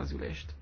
az ülést.